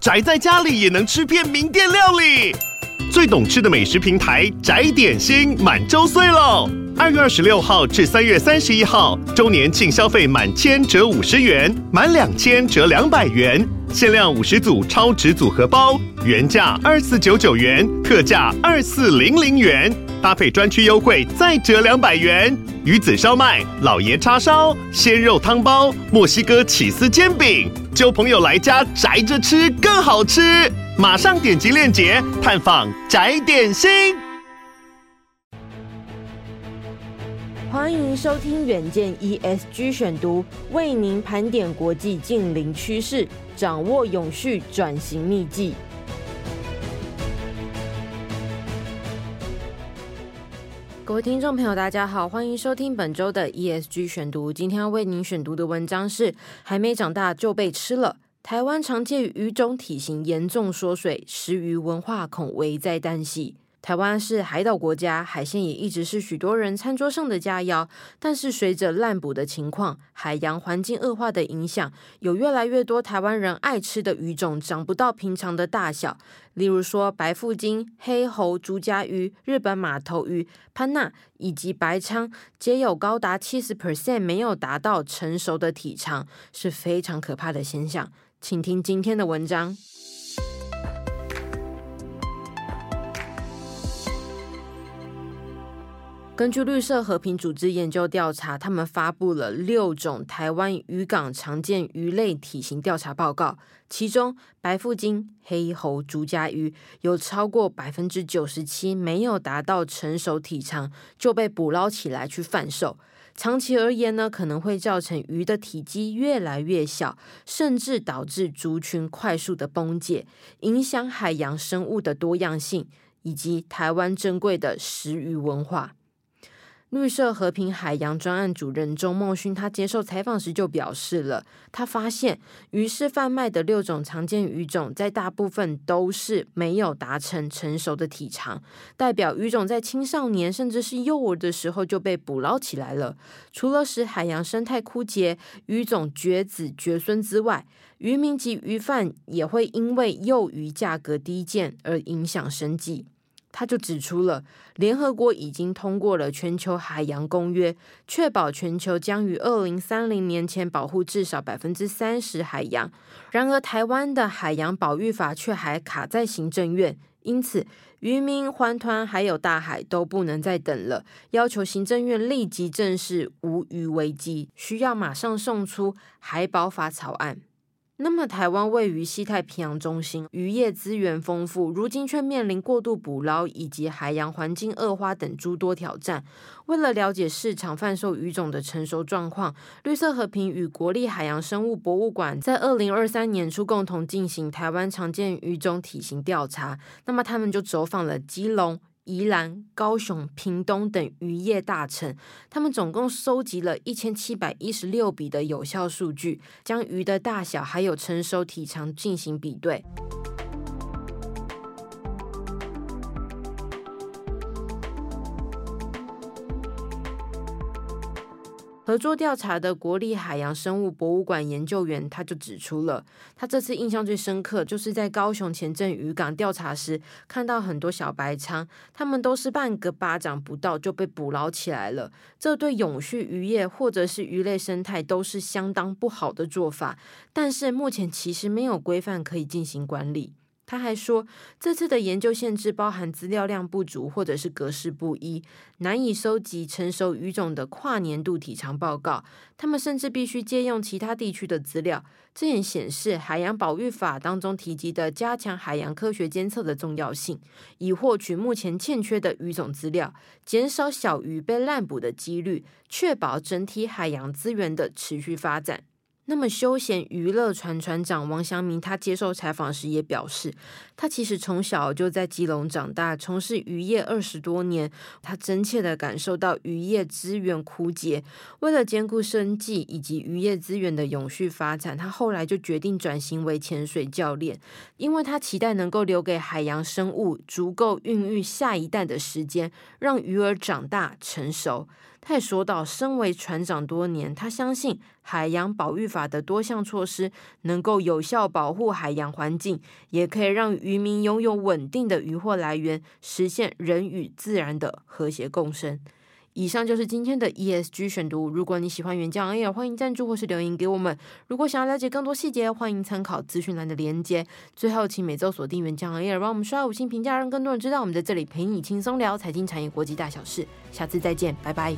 宅在家裡也能吃遍名店料理，最懂吃的美食平台宅點心滿周歲嘍。二月二十六號至三月三十一號，周年慶消費滿千折五十元，滿兩千折兩百元。限量五十組超值組合包，原價二四九九元，特價二四零零元，搭配專區優惠再折兩百元。魚子燒麥、老爺叉燒、鮮肉湯包、墨西哥起司煎餅，交朋友來家宅着吃更好吃。馬上點擊鏈接探訪宅點心。歡迎收聽遠見 ESG 選讀，為您盤點國際近零趨勢，掌握永續轉型祕技。各位聽眾朋友，大家好，歡迎收聽本周的 ESG 選讀。今天要為您選讀的文章是《還沒長大就被吃了》，台灣常見魚種體型嚴重縮水，食魚文化恐危在旦夕。台灣是海島國家，海鮮也一直是許多人餐桌上的佳餚。但是，隨着濫捕的情況、海洋環境惡化的影響，有越來越多台灣人愛吃的魚種長不到平常的大小。例如說，白腹鯖、黑喉、竹筴魚、日本馬頭魚、盤仔以及白鯧，皆有高達七十 percent 沒有達到成熟的體長，是非常可怕的現象。請聽今天的文章。根據綠色和平組織研究調查，他們發布了六種台灣漁港常見魚類體型調查報告，其中白腹鯖、黑喉、竹筴魚有超過百分之九十七沒有達到成熟體長就被捕撈起來去販售。長期而言呢，可能會造成魚的體積越來越小，甚至導致族群快速的崩解，影響海洋生物的多樣性以及台灣珍貴的食魚文化。綠色和平海洋專案主任鍾孟勳，他接受採訪時就表示了，他發現魚市販賣的六種常見魚種，在大部分都是沒有達成成熟的體長，代表魚種在青少年甚至是幼兒的時候就被捕撈起來了。除了使海洋生態枯竭、魚種絕子絕孫之外，漁民及魚販也會因為幼魚價格低賤而影響生計。他就指出了，聯合國已經通過了全球海洋公約，確保全球將於二零三零年前保護至少百分之三十海洋。然而，台灣的海洋保育法卻還卡在行政院，因此漁民、環團還有大海都不能再等了，要求行政院立即正視無魚危機，需要馬上送出海保法草案。那麼，台灣位於西太平洋中心，漁業資源豐富，如今卻面臨過度捕撈以及海洋環境惡化等諸多挑戰。為了了解市場販售魚種的成熟狀況，綠色和平與國立海洋生物博物館在二零二三年初共同進行台灣常見魚種體型調查。那麼，他們就走訪了基隆。宜蘭、高雄、屏東等漁業大城，他們總共收集了一千七百一十六筆的有效數據，將魚的大小還有成熟體長進行比對。合作調查的國立海洋生物博物館研究員，他就指出了，他這次印象最深刻，就是在高雄前鎮漁港調查時，看到很多小白鯧，它們都是半個巴掌不到就被捕撈起來了，這對永續漁業或者是魚類生態都是相當不好的做法。但是目前其實沒有規範可以進行管理。他還說，這次的研究限制包含資料量不足，或者是格式不一，難以收集成熟魚種的跨年度體長報告。他們甚至必須借用其他地區的資料。這也顯示《海洋保育法》當中提及的加強海洋科學監測的重要性，以獲取目前欠缺的魚種資料，減少小魚被濫捕的幾率，確保整體海洋資源的持續發展。那麼，休閒娛樂船船長王祥明，他接受採訪時也表示，他其實從小就在基隆長大，從事漁業二十多年。他真切的感受到漁業資源枯竭，為了兼顧生計以及漁業資源的永續發展，他後來就決定轉型為潛水教練，因為他期待能夠留給海洋生物足夠孕育下一代的時間，讓魚兒長大成熟。他也說到，身為船長多年，他相信，海洋保育法的多項措施能夠有效保護海洋環境，也可以讓漁民擁有穩定的漁獲來源，實現人與自然的和諧共生。以上就是今天的 ESG 選讀。如果你喜歡遠見 AI，歡迎贊助或是留言給我們。如果想要了解更多細節，歡迎參考資訊欄的鏈接。最後，請每周鎖定遠見 AI，幫我們刷五星評價，讓更多人知道我們在這裡陪你輕鬆聊財經產業國際大小事。下次再見，拜拜。